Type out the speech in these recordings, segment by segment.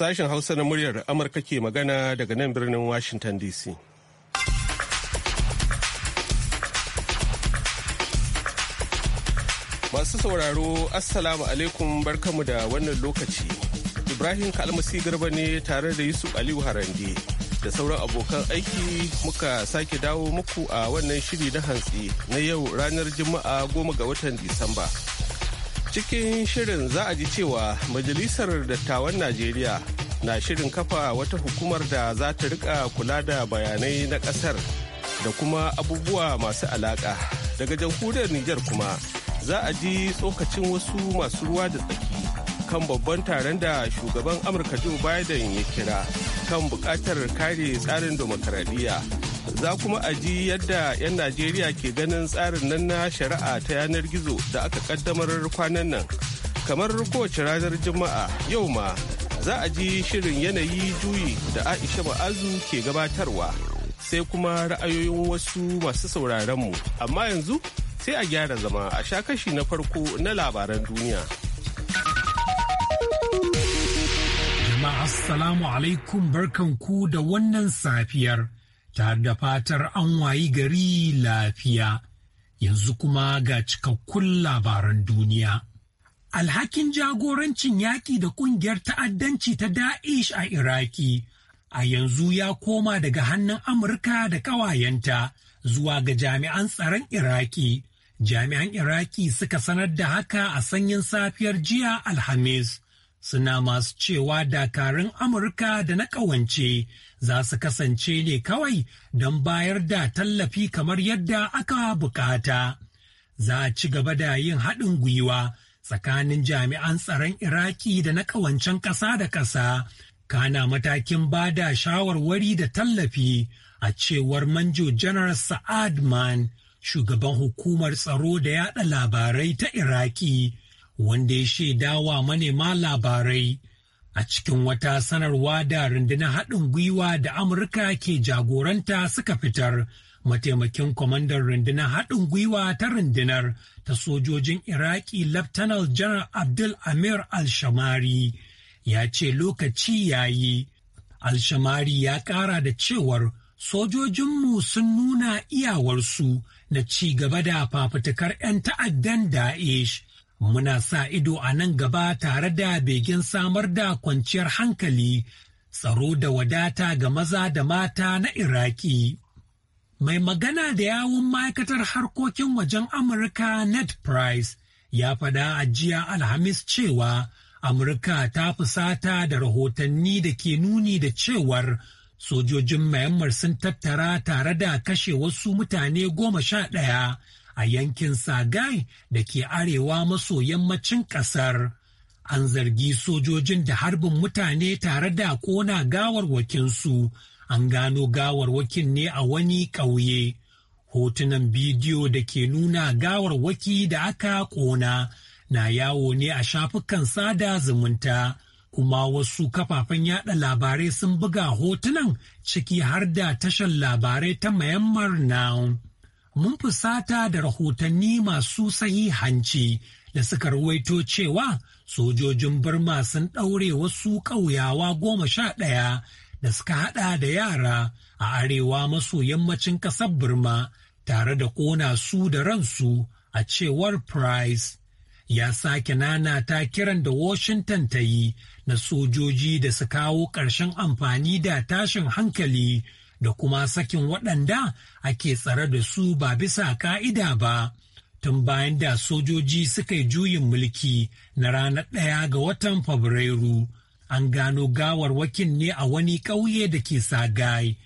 Sashen Hausa na muryar Amurka ke magana daga nan birnin Washington DC. Masu sauraro, Assalamu alaikum barkamu da wannan lokaci. Ibrahim Kalmasi Garba ne tare da Yusuf Aliyu Harande da sauran abokan aiki muka sake dawo muku a wannan shiri na hantsi na yau ranar Juma'a goma ga watan Disamba. Cikin shirin za a ji cewa Majalisar Dattawan Najeriya na shirin kafa wata hukumar da za ta rika kula da bayanai na ƙasar da kuma abubuwa masu alaƙa. Daga jamhuriyar Nijar kuma za a ji tsokacin wasu masu ruwa da tsaki. kan babban taron da shugaban amurka joe biden ya kira kan buƙatar kare tsarin demokaradiyya za kuma a ji yadda 'yan najeriya ke ganin tsarin nan na shari'a ta yanar gizo da aka kaddamar kwanan nan kamar kowace ranar juma'a yau ma za a ji shirin yanayi juyi da aisha ma'azu ke gabatarwa sai kuma ra'ayoyin wasu masu mu amma yanzu sai a gyara zama a sha kashi na farko na labaran duniya. Assalamu alaikum barkanku da wannan safiyar, tare da fatar an wayi gari lafiya. Yanzu kuma ga cikakkun labaran duniya. Alhakin jagorancin yaƙi da ƙungiyar ta'addanci ta Da'ish a Iraki, a yanzu ya koma daga hannun Amurka da ƙawayenta zuwa ga jami'an tsaron Iraki. Jami'an Iraki suka sanar da haka a sanyin safiyar jiya Alhamis. suna masu cewa dakarun Amurka da na ƙawance za su kasance ne kawai don bayar da tallafi kamar yadda aka bukata. Za a ci gaba da yin haɗin gwiwa tsakanin jami'an tsaron Iraki da na ƙawancen ƙasa da ƙasa, kana matakin ba da shawarwari da tallafi a cewar Manjo Janar Sa'ad Man, shugaban hukumar tsaro da yada labarai ta Iraki. wanda ya shaida wa manema labarai a cikin wata sanarwa da rundunar haɗin gwiwa da Amurka ke jagoranta suka fitar. Mataimakin kwamandan rundunar haɗin gwiwa ta rundunar ta sojojin Iraki laftanal Janar Abdul Amir Alshamari ya ce lokaci yayi. Al-Shamari ya ƙara da cewar sojojinmu sun nuna iyawarsu na ci gaba da fafutukar 'yan ta'addan Da'ish. muna sa ido a nan gaba tare da begen samar da kwanciyar hankali tsaro da wadata ga maza da mata na iraki mai magana da yawun ma'aikatar harkokin wajen amurka Ned price ya faɗa a jiya alhamis cewa amurka ta fusata da rahotanni da ke nuni da cewar sojojin mayammar sun tattara tare da kashe wasu mutane goma sha ɗaya a yankin Sagai da ke arewa maso yammacin ƙasar. An zargi sojojin da harbin mutane tare da ƙona gawarwakinsu, an gano gawarwakin ne a wani ƙauye. Hotunan bidiyo da ke nuna gawarwaki da aka ƙona na yawo ne a shafukan sada zumunta. kuma wasu kafafen yada labarai sun buga hotunan ciki har da tashar labarai ta Myanmar na. mun fusata da rahotanni masu sahihanci da suka ruwaito cewa sojojin Burma sun ɗaure wasu ƙauyawa goma sha ɗaya da suka haɗa da yara a arewa maso yammacin ƙasar Burma tare da ƙona su da ransu a cewar Price. Ya sake nana ta kiran da Washington ta yi na sojoji da su kawo ƙarshen amfani da tashin hankali da kuma sakin waɗanda ake tsare da su ba bisa ka'ida ba. Tun bayan da sojoji suka yi juyin mulki na ranar ɗaya ga watan Fabrairu, an gano gawar wakin ne a wani ƙauye da ke Sagai,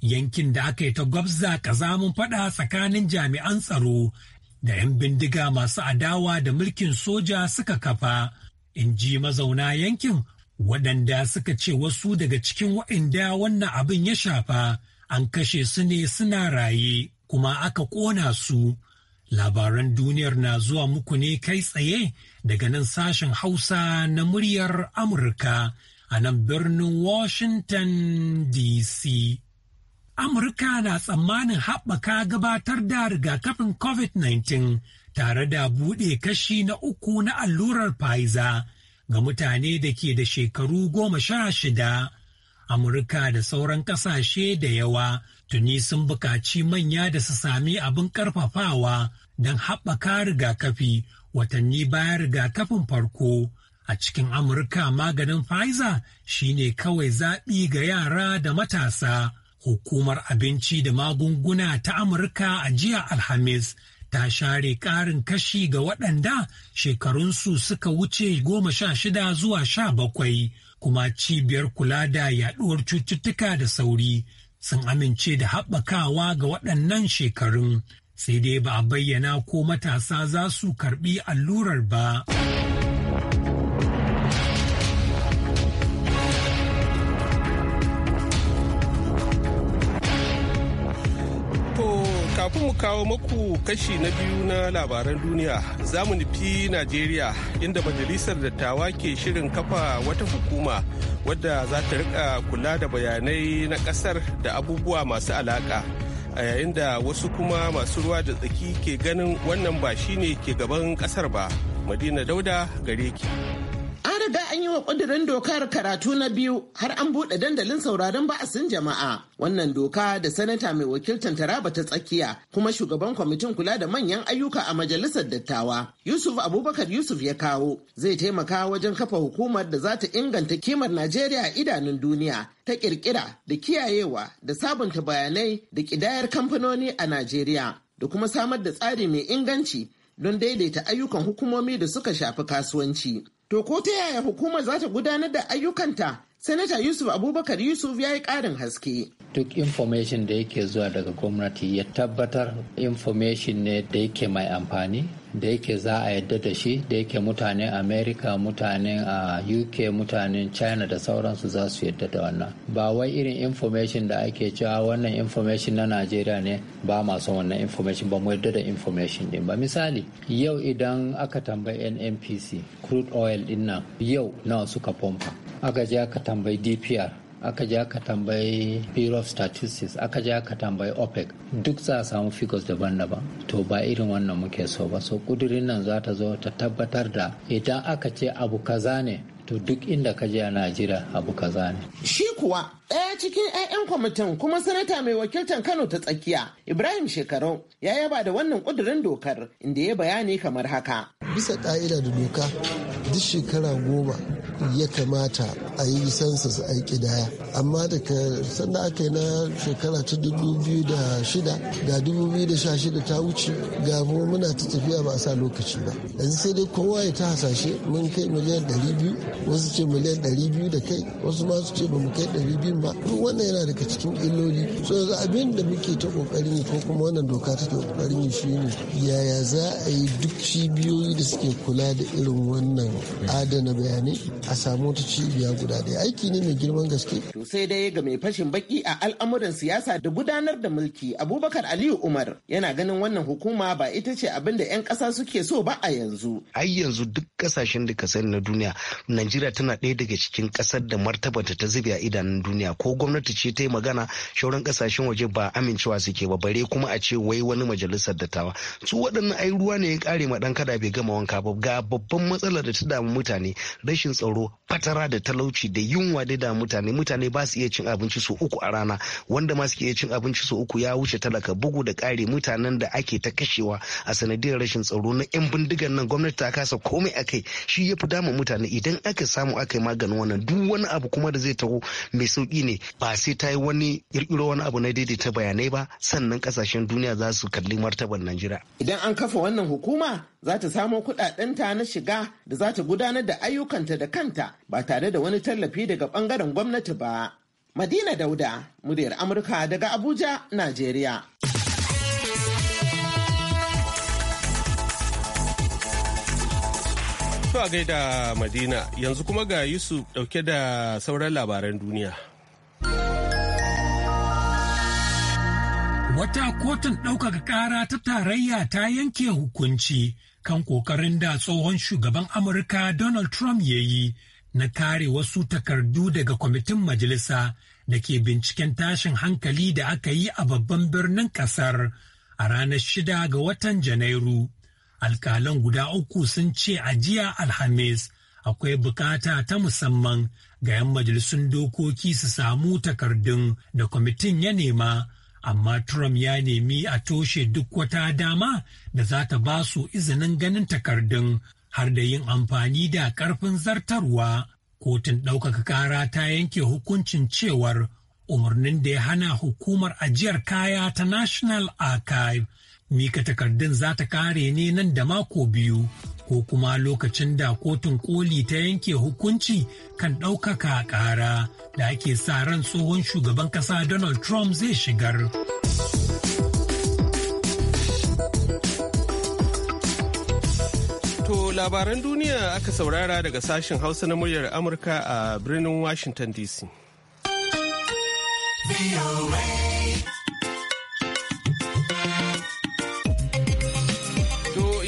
yankin da aka yi ta gwabza ƙazamin faɗa tsakanin jami'an tsaro da 'yan bindiga masu adawa da mulkin soja suka kafa. In ji mazauna yankin waɗanda suka ce wasu daga cikin waɗanda wannan abin ya shafa an kashe su ne suna raye kuma aka ƙona su. Labaran duniyar na zuwa muku ne kai tsaye daga nan sashen Hausa na muryar Amurka a nan birnin Washington DC. Amurka na tsammanin haɓaka gabatar da rigakafin COVID-19 tare da buɗe kashi na uku na allurar Pfizer ga mutane da ke da shekaru goma sha shida. Amurka da sauran ƙasashe da yawa tuni sun buƙaci manya da su sami abin ƙarfafawa don haɓaka rigakafi watanni bayan rigakafin farko. A cikin Amurka maganin Pfizer shi ne kawai zaɓi ga yara da matasa. Hukumar Abinci da Magunguna ta Amurka a jiya Alhamis ta share ƙarin kashi ga waɗanda shekarunsu suka wuce goma sha shida zuwa sha bakwai kuma cibiyar kula da yaɗuwar cututtuka da sauri sun amince da haɓakawa ga waɗannan shekarun sai dai ba a bayyana ko matasa za su karɓi allurar ba. mu kawo maku kashi na biyu na labaran duniya za mu nufi najeriya inda majalisar dattawa ke shirin kafa wata hukuma wadda za ta rika kula da bayanai na kasar da abubuwa masu alaka a yayin da wasu kuma masu ruwa da tsaki ke ganin wannan ba shine ke gaban kasar ba madina dauda gare ki. riga an yi wa ƙudurin dokar karatu na biyu har an buɗe dandalin sauraron ba'asin jama'a. Wannan doka da sanata mai wakiltar Taraba ta tsakiya kuma shugaban kwamitin kula da manyan ayyuka a majalisar dattawa Yusuf Abubakar Yusuf ya kawo zai taimaka wajen kafa hukumar da za ta inganta kimar Najeriya a idanun duniya ta kirkira da kiyayewa da sabunta bayanai da kidayar kamfanoni a Najeriya da kuma samar da tsari mai inganci don daidaita ayyukan hukumomi da suka shafi kasuwanci. To ko ta yaya hukumar za ta gudanar da ayyukanta Sanata Yusuf Abubakar Yusuf ya yi ƙarin haske. Duk information da yake zuwa daga gwamnati ya tabbatar information ne da yake mai amfani da yake za a yadda da shi da yake mutanen Amerika mutanen a uk mutanen china da sauransu za su yadda da wannan ba wai irin information da ake cewa wannan information na najeriya ne ba masu wannan information ba mu yadda da information din ba misali yau idan aka tambayi nnpc crude oil din nan yau nawa suka pompa aka je aka tambayi dpr aka je aka tambayi bureau of statistics aka je aka tambayi opec duk za a samu figures daban-daban to ba irin wannan muke so ba so kudirin nan za ta zo ta tabbatar da idan aka ce abu kaza ne to duk inda ka je a najira abu kaza ne shi kuwa ɗaya cikin 'ya'yan kwamitin kuma sanata mai wakiltan kano ta tsakiya ibrahim shekaru ya yaba da wannan kudurin dokar inda ya bayani kamar haka bisa ƙa'ida da doka duk shekara goma ya kamata a yi census a yi kidaya amma daga sanda aka yi na shekara ta 2006 ga 2016 ta wuce ga kuma muna ta tafiya ba a sa lokaci ba yanzu sai dai kowa ya ta hasashe mun kai miliyan 200 wasu ce miliyan 200 da kai wasu ma su ce ba mu kai 200 ba duk wannan yana daga cikin illoli so yanzu abin da muke ta kokarin ko kuma wannan doka ta kokarin yi shine yaya za a yi duk cibiyoyi da suke kula da irin wannan adana bayanai a samu ta cibiya guda ɗaya aiki ne mai girman gaske. To sai dai ga mai fashin baki a al'amuran siyasa da gudanar da mulki Abubakar Aliyu Umar yana ganin wannan hukuma ba ita ce abin da 'yan ƙasa suke so ba a yanzu. Ai yanzu duk ƙasashen da ka sani na duniya Najeriya tana ɗaya daga cikin ƙasar da martabata ta zube a idanun duniya ko gwamnati ce ta yi magana shauran ƙasashen waje ba amincewa suke ba bare kuma a ce wai wani majalisar dattawa su waɗannan ai ruwa ne ya ƙare ma ɗan kada bai gama wanka ba ga babban matsalar da ta damu mutane rashin tsaro tsaro fatara da talauci da yunwa da mutane mutane ba su iya cin abinci su uku a rana wanda ma suke iya cin abinci su uku ya wuce talaka bugu da ƙari mutanen da ake ta kashewa a sanadiyar rashin tsaro na 'yan bindigan nan gwamnati ta kasa komai a kai shi ya fi dama mutane idan aka samu aka yi maganin wannan duk wani abu kuma da zai taho mai sauki ne ba sai ta yi wani kirkiro wani abu na daidaita bayanai ba sannan kasashen duniya za su kalli martaban najeriya idan an kafa wannan hukuma za ta samo kuɗaɗenta na shiga da za ta gudanar da ayyukanta da kan kanta ba tare da wani tallafi daga bangaren gwamnati ba. Madina Dauda, muryar Amurka daga Abuja, Najeriya. Tuwa gaida Madina, yanzu kuma ga Yusuf dauke da sauran labaran duniya. Wata kotun ɗaukaka ƙara ta tarayya ta yanke hukunci. kan ƙoƙarin da tsohon shugaban Amurka Donald Trump ya yi na kare wasu takardu daga kwamitin majalisa da ke binciken tashin hankali da aka yi a babban birnin kasar a ranar shida ga watan Janairu. Alkalan guda uku sun ce ajiya Alhamis akwai bukata ta musamman ga 'yan majalisun dokoki su samu takardun da kwamitin ya nema. amma Trump ya nemi a toshe duk wata dama da za ta ba su izinin ganin takardun har da yin amfani da ƙarfin zartarwa. Kotun ɗaukaka ƙara ta yanke hukuncin cewar umarnin da ya hana hukumar ajiyar kaya ta National Archive mika takardun za ta kare ne nan da mako biyu ko kuma lokacin da kotun koli ta yanke hukunci kan ɗaukaka ƙara da ake sa ran tsohon shugaban ƙasa donald trump zai shigar To labaran duniya aka saurara daga sashen hausa na muryar amurka a birnin washington dc.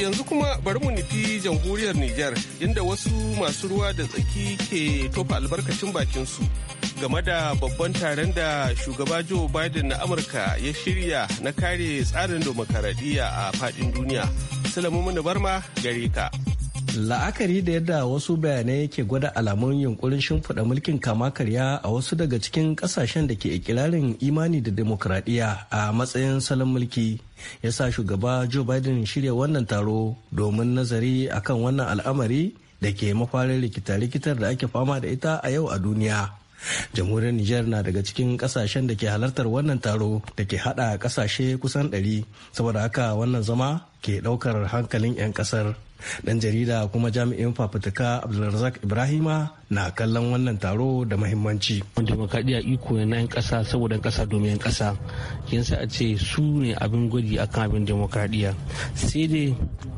yanzu kuma bari mu nufi jamhuriyar Nijar inda wasu masu ruwa da tsaki ke tofa albarkacin bakinsu game da babban taron da shugaba Joe Biden na Amurka ya shirya na kare tsarin demokaradiyya a faɗin duniya. Salamu Barma gare ka. la'akari da yadda wasu bayanai ke gwada alamun yunkurin shimfiɗa mulkin kama karya a wasu daga cikin ƙasashen da ke ikirarin imani da demokradiyya a matsayin salon mulki ya sa shugaba joe biden shirya wannan taro domin nazari akan wannan al'amari da ke mafarin rikita-rikitar da ake fama da ita a yau a duniya jamhuriyar niger na daga cikin kasashen da ke halartar wannan taro da ke hada kasashe kusan 100 saboda haka wannan zama ke daukar hankalin 'yan kasar dan jarida kuma jami'in fafutuka abdulrazak ibrahima na kallon wannan taro da mahimmanci demokradiyya iko ne na 'yan kasa saboda kasa domin 'yan kasa sa a ce su ne abin gwaji akan abin demokradiyya sai dai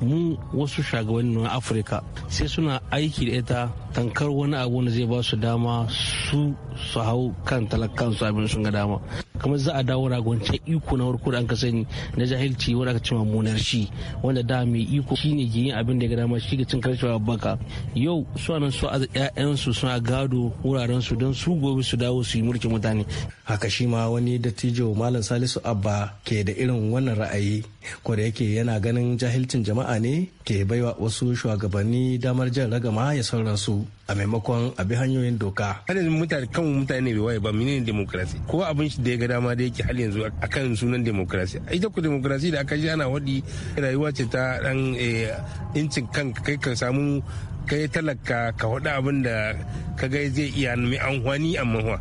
mu wasu shagabanni na afirka sai suna aiki da ita tankar wani abu wanda zai ba su dama su su hau kan talakan abin sun ga dama kamar za a dawo ragwancan iko na farko an ka sani na jahilci wanda aka cima munar shi wanda da mai iko shine ke yin abin da ga dama shi ga cin karshe baka yau su nan su a ƴaƴansu suna gado wuraren su don su gobe su dawo su yi mulkin mutane haka shi ma wani dattijo malam salisu abba ke da irin wannan ra'ayi ko yake yana ganin jahilcin jama'a ne ke baiwa wasu shugabanni damar jan ragama ya sauransu a maimakon a hanyoyin doka har yanzu mutane kan mutane bai waye ba menene demokrasi ko abin shi da ya ga dama da yake hal yanzu akan sunan demokrasi ita ku demokrasi da aka ji ana wadi rayuwa ce ta dan eh, incin kan kai kan samu kai talaka ka faɗi abin da ka ga zai iya mai anhwani amma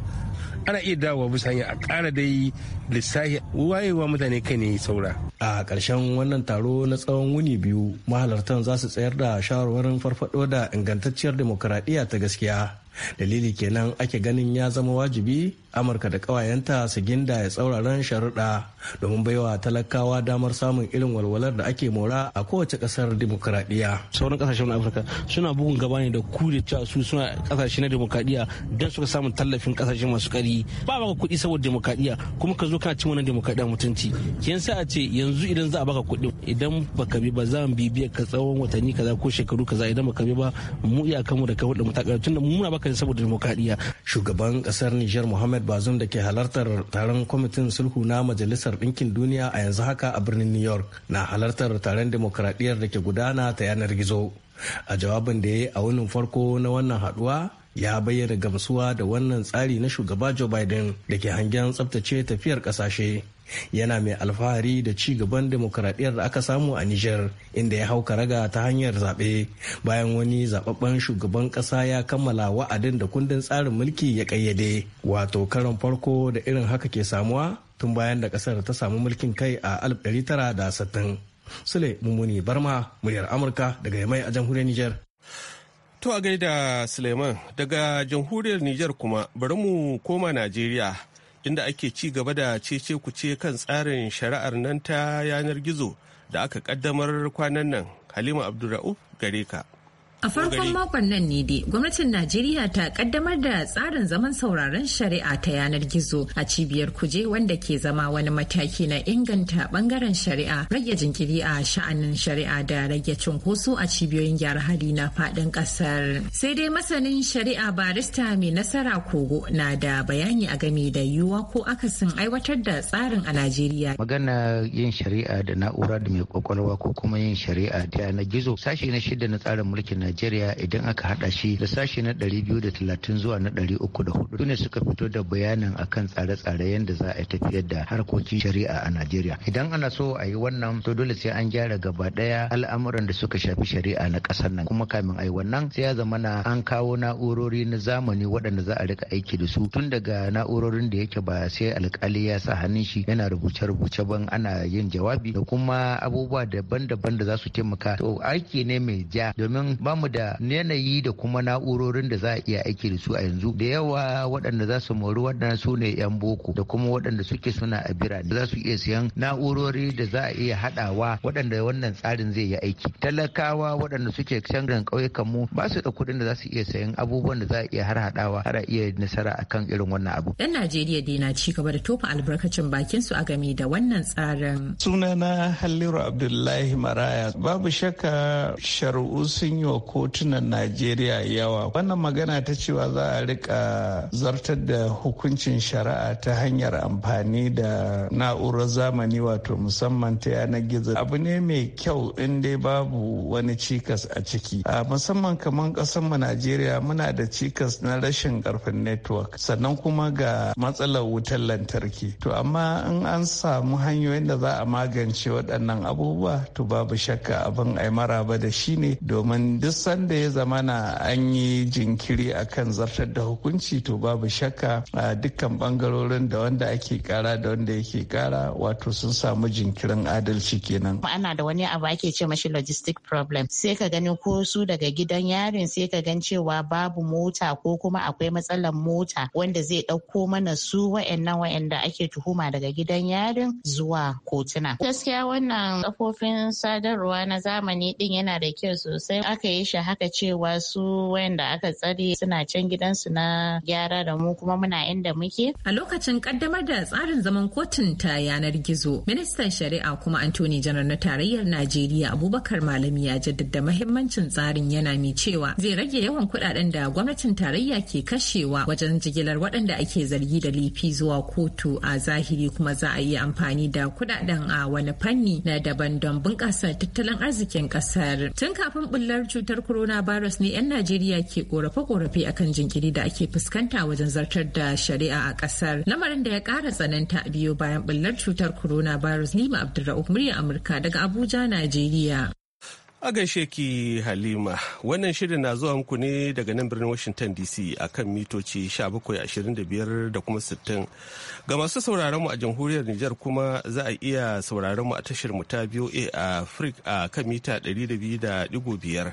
ana iya dawowa bisa hanya a ƙara dai lissahi wayewa mutane kai ne saura a ƙarshen wannan taro na tsawon wuni biyu mahalartan za su tsayar da shawarwarin farfado da ingantacciyar demokuraɗiyya ta gaskiya dalili kenan ake ganin ya zama wajibi amurka da ƙawayenta su ginda ya tsauraran sharuɗa domin baiwa talakawa damar samun irin walwalar da ake mora a kowace ƙasar demokuraɗiyya sauran ƙasashen afirka suna bugun gaba ne da ku da cewa su suna ƙasashe na demokuraɗiyya don suka samun tallafin ƙasashe masu ƙari ba ba kuɗi saboda demokuraɗiyya kuma ka zo ka cin wani demokradiyya mutunci kin sa a ce yanzu idan za a baka kuɗi idan baka bi ba za mu bibiya ka tsawon watanni kaza ko shekaru kaza idan baka bi ba mu iya kanmu da ka hudu mutakar tunda mu muna baka saboda demokradiyya shugaban kasar Niger Mohammed Bazoum da ke halartar taron kwamitin sulhu na majalisar ɗinkin duniya a yanzu haka a birnin New York na halartar taron demokradiyyar da ke gudana ta yanar gizo a jawabin da ya yi a wunin farko na wannan haduwa ya bayyana gamsuwa da wannan tsari na shugaba Joe Biden da ke hangen tsabtace tafiyar kasashe. Yana mai alfahari da ci gaban demokuraɗiyyar da aka samu a niger inda ya hau karaga ta hanyar zaɓe bayan wani zaɓaɓɓen shugaban ƙasa ya kammala wa'adin da kundin tsarin mulki ya ƙayyade. Wato karon farko da irin haka ke samuwa tun bayan da ƙasar ta samu mulkin kai a 1960. Sule Mummuni Barma, muryar Amurka daga Yamai a jamhuriyar niger. To a gaida Suleiman daga jamhuriyar Nijar kuma bari mu koma Najeriya inda ake ci gaba da cece kuce kan tsarin shari'ar nan ta yanar gizo da aka kaddamar kwanan nan Halima AbdulRa'u gare ka. A farkon makon nan ne dai gwamnatin Najeriya ta kaddamar da tsarin zaman sauraron shari'a ta yanar gizo a cibiyar kuje wanda ke zama wani mataki na inganta bangaren shari'a rage jinkiri a sha'anin shari'a da rage cunkoso a cibiyoyin gyara hali na fadin kasar. Sai dai masanin shari'a barista mai nasara kogo na da bayani a game da yiwuwa ko akasin aiwatar da tsarin a Najeriya. Magana yin shari'a da na'ura da mai kwakwalwa ko kuma yin shari'a ta yanar gizo sashe na shida na tsarin mulkin Najeriya idan aka hada shi da sashe na 230 zuwa na 304 sune suka fito da bayanin akan tsare-tsare yadda za a tafiyar da harkokin shari'a a Najeriya. Idan ana so a yi wannan to dole sai an gyara gaba daya al'amuran da suka shafi shari'a na kasar nan kuma kamin a yi wannan sai ya zama na an kawo na'urori na zamani waɗanda za a rika aiki da su tun daga na'urorin da yake ba sai alkali ya sa hannun shi yana rubuce-rubuce ban ana yin jawabi da kuma abubuwa daban-daban da za su taimaka to aiki ne mai ja domin ba mu da yanayi da kuma na'urorin da za a iya aiki da su a yanzu da yawa waɗanda za su mori waɗanda su ne 'yan boko da kuma waɗanda suke suna a birane za su iya siyan na'urori da za a iya haɗawa waɗanda wannan tsarin zai yi aiki talakawa waɗanda suke gan ƙauyukan mu ba su da kuɗin da za su iya sayan abubuwan da za a iya har haɗawa har a iya nasara akan irin wannan abu dan najeriya dai na ci gaba da tofa albarkacin bakin su a game da wannan tsarin sunana halliru abdullahi maraya babu shakka shari'u sun yi wa kotunan najeriya yawa wannan magana ta cewa za a rika zartar da hukuncin shari'a ta hanyar amfani da na'urar zamani wato musamman ta yanar gizo abu ne mai kyau in dai babu wani cikas a ciki a musamman kamar mu najeriya muna da cikas na rashin karfin network sannan kuma ga matsalar wutar lantarki to amma in an samu hanyoyin da za a magance waɗannan abubuwa to babu shakka abin ai maraba da shi ne domin duk duk sanda ya zamana an yi jinkiri akan zartar da hukunci to babu shakka a dukkan bangarorin da wanda ake kara da wanda yake kara wato sun samu jinkirin adalci kenan ana da wani abu ake ce mashi logistic problem sai ka gani ko su daga gidan yarin sai ka gan cewa babu mota ko kuma akwai matsalar mota wanda zai dauko mana su wa'annan wa'anda ake tuhuma daga gidan yarin zuwa kotuna gaskiya wannan kafofin sadarwa na zamani din yana da kyau sosai aka yi shi haka cewa su wayanda aka tsare suna can gidansu na gyara da mu kuma muna inda muke. A lokacin kaddamar da tsarin zaman kotun ta yanar gizo, ministan shari'a kuma Antony Janar na tarayyar Najeriya Abubakar Malami ya jaddada mahimmancin tsarin yana mai cewa zai rage yawan kuɗaɗen da gwamnatin tarayya ke kashewa wajen jigilar waɗanda ake zargi da laifi zuwa kotu a zahiri kuma za a yi amfani da kuɗaɗen a wani fanni na daban don bunƙasa tattalin arzikin ƙasar. Tun kafin bullar cutar cutar coronavirus ne 'yan Najeriya ke korafe-korafe akan jinkiri da ake fuskanta wajen zartar da shari'a a kasar. Lamarin da ya ƙara tsananta biyo bayan bullar cutar Corona coronavirus Lima Abdulrahman murya Amurka daga Abuja, Najeriya. A gaishe ki Halima, wannan shirin na zuwa muku ne daga nan birnin Washington DC a kan mitoci 1725 da kuma 60. Ga masu sauraron mu a jamhuriyar Nijar kuma za a iya sauraron mu a tashar mu ta biyo a Frik a kan mita 200.5.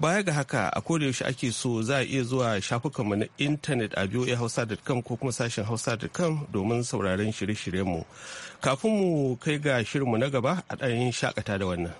Baya ga haka a koda yaushe ake so za a iya zuwa shafukan mu na intanet a boahausa.com ko kuma sashen hausa.com domin sauraron shirye-shiryen mu. Kafin mu kai ga shirinmu na gaba a ɗanyen shakata da wannan.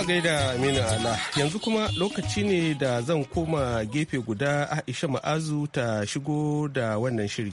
a gaida Aminu Ala yanzu kuma lokaci ne da zan koma gefe guda Aisha Ma'azu ta shigo da wannan shiri.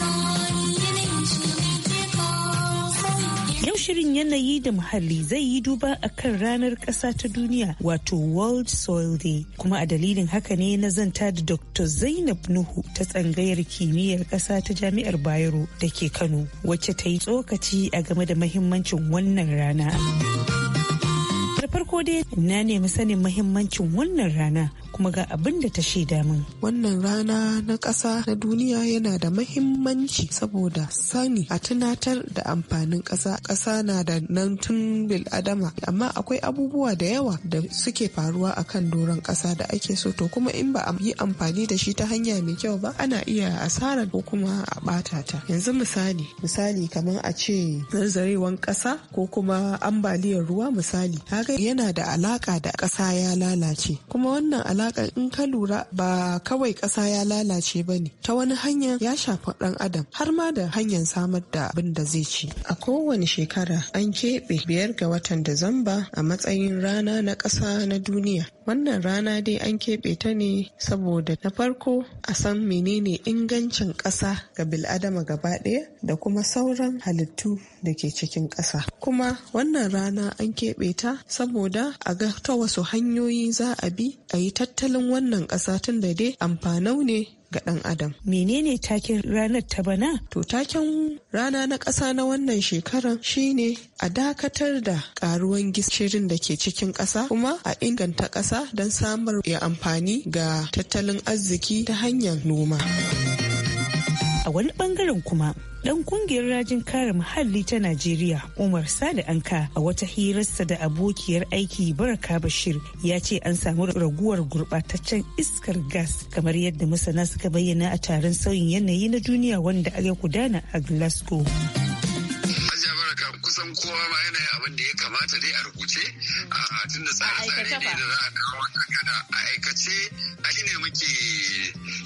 shirin yanayi da muhalli zai yi duba a kan ranar ƙasa ta duniya wato World Soil Day. Kuma a dalilin haka ne na zanta da Dr. Zainab Nuhu ta tsangayar kimiyyar ƙasa ta Jami'ar Bayero da ke Kano wacce ta yi tsokaci a game da mahimmancin wannan rana. farko dai na nemi sanin mahimmancin wannan rana kuma ga abin da ta shaida min. Wannan rana na ƙasa na duniya yana da mahimmanci saboda sani a tunatar da amfanin ƙasa. Ƙasa na da nan tun bil adama amma akwai abubuwa da yawa da suke faruwa a kan doron ƙasa da ake so to kuma in ba a yi amfani da shi ta hanya mai kyau ba ana iya asara ko kuma a ɓata ta. Yanzu misali misali kamar a ce zarzarewan ƙasa ko kuma ambaliyar ruwa misali kaga yana da alaka da ƙasa ya lalace kuma wannan alaka haka in ka lura ba kawai ƙasa ya lalace ba ne ta wani hanya ya shafi ɗan adam har ma da hanyar samar da abin da zai ci. A kowane shekara an keɓe biyar ga watan Disamba a matsayin rana na ƙasa na duniya wannan rana dai an keɓe ta ne saboda na farko a san menene ingancin ƙasa ga bil'adama gaba ɗaya da kuma sauran halittu da ke cikin ƙasa kuma wannan rana an keɓe ta saboda a ga ta wasu hanyoyi za a bi a yi tattalin wannan ƙasa tun da dai amfanau ne ga ɗan adam. Menene taken ranar ta bana? To taken rana na ƙasa na wannan shekarar shine a dakatar da ƙaruwan gishirin da ke cikin ƙasa kuma a inganta ƙasa don samar ya amfani ga tattalin arziki ta hanyar noma. a wani bangaren kuma ɗan kungiyar rajin kare muhalli ta Najeriya Umar sada Anka a wata hirarsa da abokiyar aiki Baraka Bashir ya ce an samu raguwar gurbataccen iskar gas kamar yadda masana suka bayyana a taron sauyin yanayi na duniya wanda ya gudana a Glasgow. kusan kowa ma yana yin abin da ya kamata dai a rubuce a tun da tsare-tsare ne da za a kawo a aikace a ne muke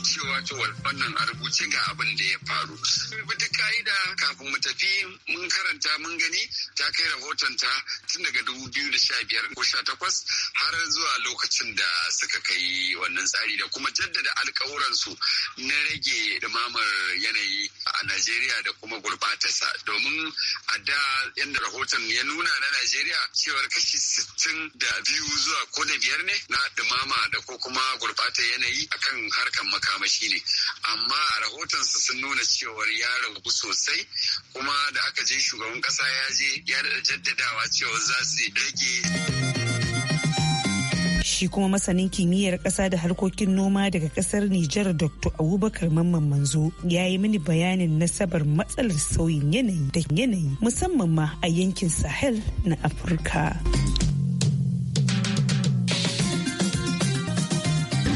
cewa to wannan a rubuce ga abin da ya faru. duk ka'ida kafin mu tafi mun karanta mun gani ta kai rahoton ta tun daga dubu biyu da sha biyar ko sha takwas har zuwa lokacin da suka kai wannan tsari da kuma jaddada alkawuransu na rage dumamar yanayi a Najeriya da kuma gurbatarsa domin a da inda rahoton ya nuna na Najeriya cewar kashi sittin da biyu zuwa ko da biyar ne na dumama da ko kuma gurɓata yanayi akan harkar makamashi ne. Amma a su sun nuna cewar ya ragu sosai kuma da aka je shugaban ƙasa ya je ya jaddadawa cewa za su rage. Shi kuma masanin kimiyyar ƙasa da harkokin noma daga ƙasar Nijar Dr. Abubakar Mamman Manzo ya yi mini bayanin nasabar matsalar sauyin yanayi da yanayi musamman ma a yankin Sahel na Afirka.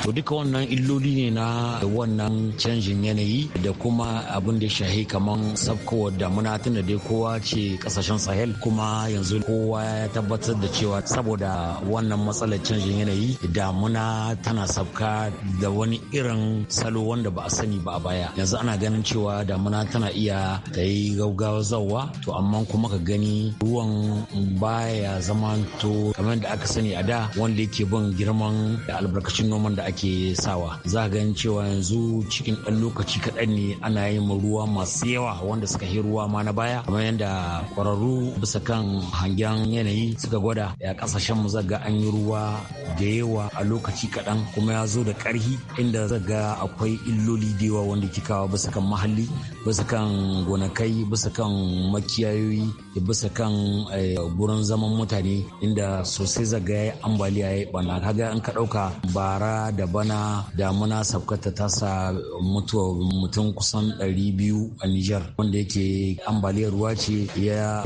to duka wannan illoli ne na wannan canjin yanayi da kuma abin da shahi kaman sabkowa damuna muna da dai kowa ce kasashen sahel kuma yanzu kowa ya tabbatar da cewa saboda wannan matsalar canjin yanayi damuna tana sabka da wani irin salo wanda ba a sani ba a baya yanzu ana ganin cewa damuna tana iya ta yi gaugawa zawa to amma kuma ka gani ruwan baya zama to kamar da aka sani a da wanda yake bin girman albarkacin noman da ake ake sawa za gani cewa yanzu cikin ɗan lokaci kaɗan ne ana yin ruwa masu yawa wanda suka yi ruwa ma na baya kamar yadda kwararru bisa kan hangen yanayi suka gwada ya ƙasashen mu zaga an yi ruwa da yawa a lokaci kaɗan kuma ya zo da ƙarhi inda zaga akwai illoli da yawa wanda ke kawo bisa kan mahalli bisa kan gonakai bisa kan makiyayoyi bisa kan eh, gurin zaman mutane inda sosai zaga ya ambaliya ya bana kaga an ka ɗauka bara da bana damuna sabkata ta sa mutuwa mutum kusan 200 a Nijar wanda yake ambaliyar ruwa ce ya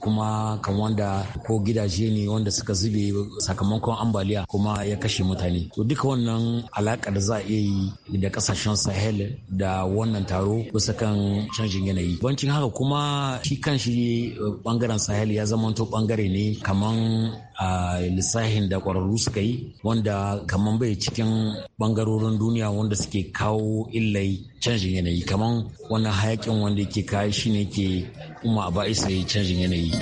kuma kan wanda ko gidaje ne wanda suka zube sakamakon ambaliya kuma ya kashe mutane. To duka wannan alaƙa da za a iya yi da kasashen Sahel da wannan taro kusa kan canjin yanayi. Bancin haka kuma shi kan shi bangaren eh, Sahel ya zamanto bangare ne kaman a lissahin da ƙwararru suka yi wanda kamar bai cikin bangarorin duniya wanda suke kawo illai canjin yanayi kamar wannan hayakin wanda ke kawo shi ne ke kuma a yi canjin yanayi.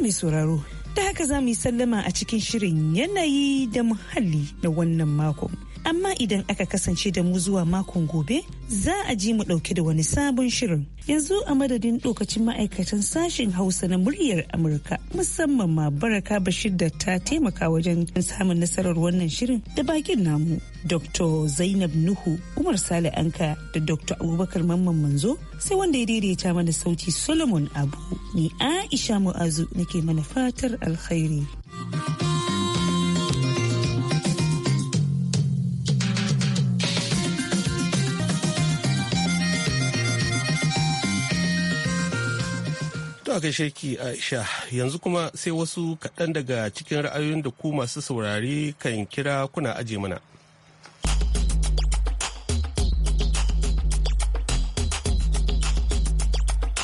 mai sauraro ta haka za mu yi sallama a cikin shirin yanayi da muhalli na wannan mako? amma idan aka kasance da mu zuwa makon gobe za a ji mu ɗauke da wani sabon shirin yanzu a madadin dokacin ma'aikatan sashen hausa na muryar amurka musamman ma baraka bashir da ta taimaka wajen samun nasarar wannan shirin da bakin namu dr zainab nuhu umar sale anka da dr abubakar mamman manzo sai wanda ya daidaita mana sauti solomon abu ni aisha mu'azu nake mana fatar alkhairi a gaishe Aisha yanzu kuma sai wasu kaɗan daga cikin ra'ayoyin da ku masu saurari kan kira kuna aje mana.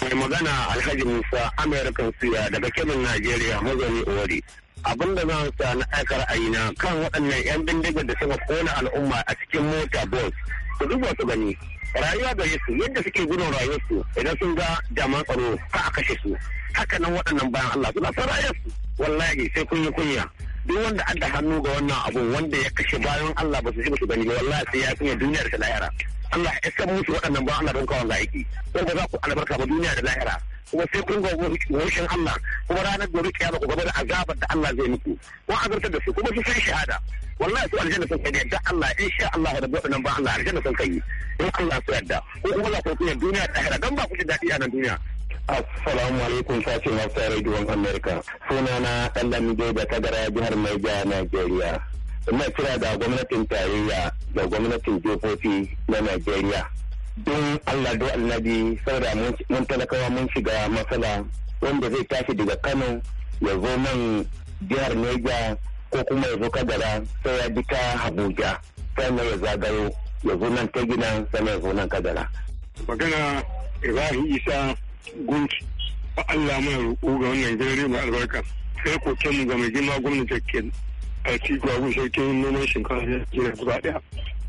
Mai magana Alhaji Musa American Suya daga Kebbi Najeriya mazauni wari abin da zan sa na aika na kan waɗannan 'yan bindigar da suka kona al'umma a cikin mota bus su duba su gani rayuwa gare su yadda suke gudun rayuwarsu idan sun ga jaman tsaro ka a kashe su haka nan waɗannan bayan Allah suna son rayuwarsu wallahi sai kun yi kunya duk wanda an da hannu ga wannan abu wanda ya kashe bayan Allah ba su ji ba su gani wallahi sai ya kunya duniya da lahira Allah ya san musu waɗannan bayan Allah don kawon ga aiki wanda za ku albarka ba duniya da lahira kuma sai kun ga wushin Allah kuma ranar gobe kiyama ku gaba da azabar da Allah zai muku ko azabtar da su kuma su san shahada wallahi su aljanna sun kai da Allah in sha Allah da nan ba Allah aljanna sun kai in Allah su yadda ko kuma za ku kuma duniya ta hira dan ba ku ji daɗi a nan duniya Assalamu alaikum sashen Hausa Rediyon Amerika. Sunana Ɗanlami Jaiba Tagara jihar Maija, Najeriya. Ina kira da gwamnatin tarayya da gwamnatin jihohi na Najeriya. don Allah don annabi saboda mun talakawa mun shiga matsala wanda zai tashi daga Kano ya zo nan jihar Neja ko kuma ya zo Kagara sai ya bi ta Abuja sannan ya zagayo ya zo nan ta gina sannan ya zo nan Kagara. Magana Ibrahim Isa Gunki ba Allah mai roƙo ga wannan gari mai albarka sai ko kemu ga mai girma gwamnati ke a cikin abu sarkin noman shinkafa ya gina gaba ɗaya.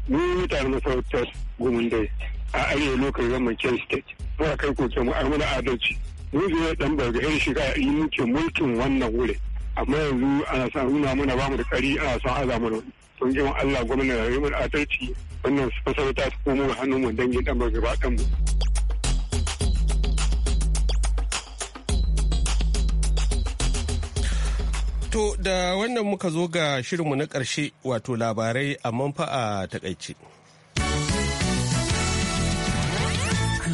Mu mutane masarautar gomin dai a arewa lokacin zaman kyan state zuwa kai koke mu amina adalci mun zo dan barga 'yan shiga a yi muke mulkin wannan wurin amma yanzu ana sa nuna mana ba mu da kari ana sa aza mana tun yi Allah gwamnati ya yi adalci wannan fasara ta komo hannun mu dangin dan barga ba dan mu To da wannan muka zo ga shirinmu na ƙarshe wato labarai amma fa a takaice.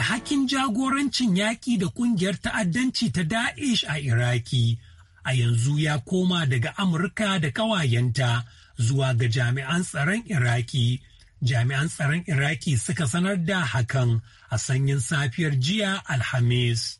alhakin jagorancin yaƙi da ƙungiyar ta'addanci ta Da'ish a Iraki, a yanzu ya koma daga Amurka da ƙawayenta zuwa ga jami'an tsaron Iraki. Jami'an tsaron Iraki suka sanar da hakan a sanyin safiyar jiya Alhamis.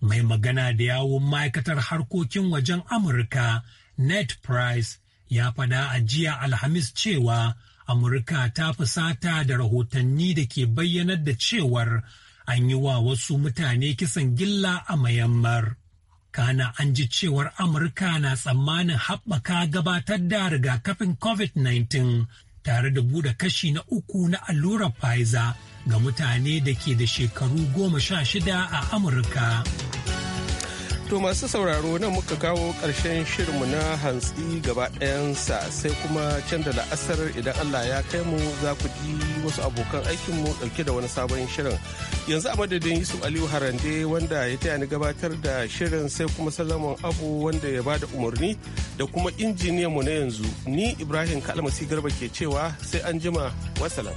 Mai magana da yawon ma'aikatar harkokin wajen Amurka, Ned Price, ya faɗa a jiya Alhamis cewa Amurka ta fusata da rahotanni da ke bayyanar da cewar an yi wa wasu mutane kisan gilla a mayammar. Kana an ji cewar Amurka na tsammanin haɓaka gabatar da rigakafin COVID-19 tare da buɗe kashi na uku na allurar Pfizer ga mutane da ke da shekaru goma sha shida a Amurka. To masu sauraro nan muka kawo ƙarshen shirinmu na hantsi gaba ɗayansa sai kuma canza da la'asar idan Allah ya kai mu za ku ji wasu abokan aikinmu ɗauke da wani sabon shirin. Yanzu a madadin Yusuf Aliyu Harande wanda ya taya ni gabatar da shirin sai kuma Salamun Abu wanda ya bada umarni da kuma injiniyanmu na yanzu ni Ibrahim Kalmasi Garba ke cewa sai an jima wasalam.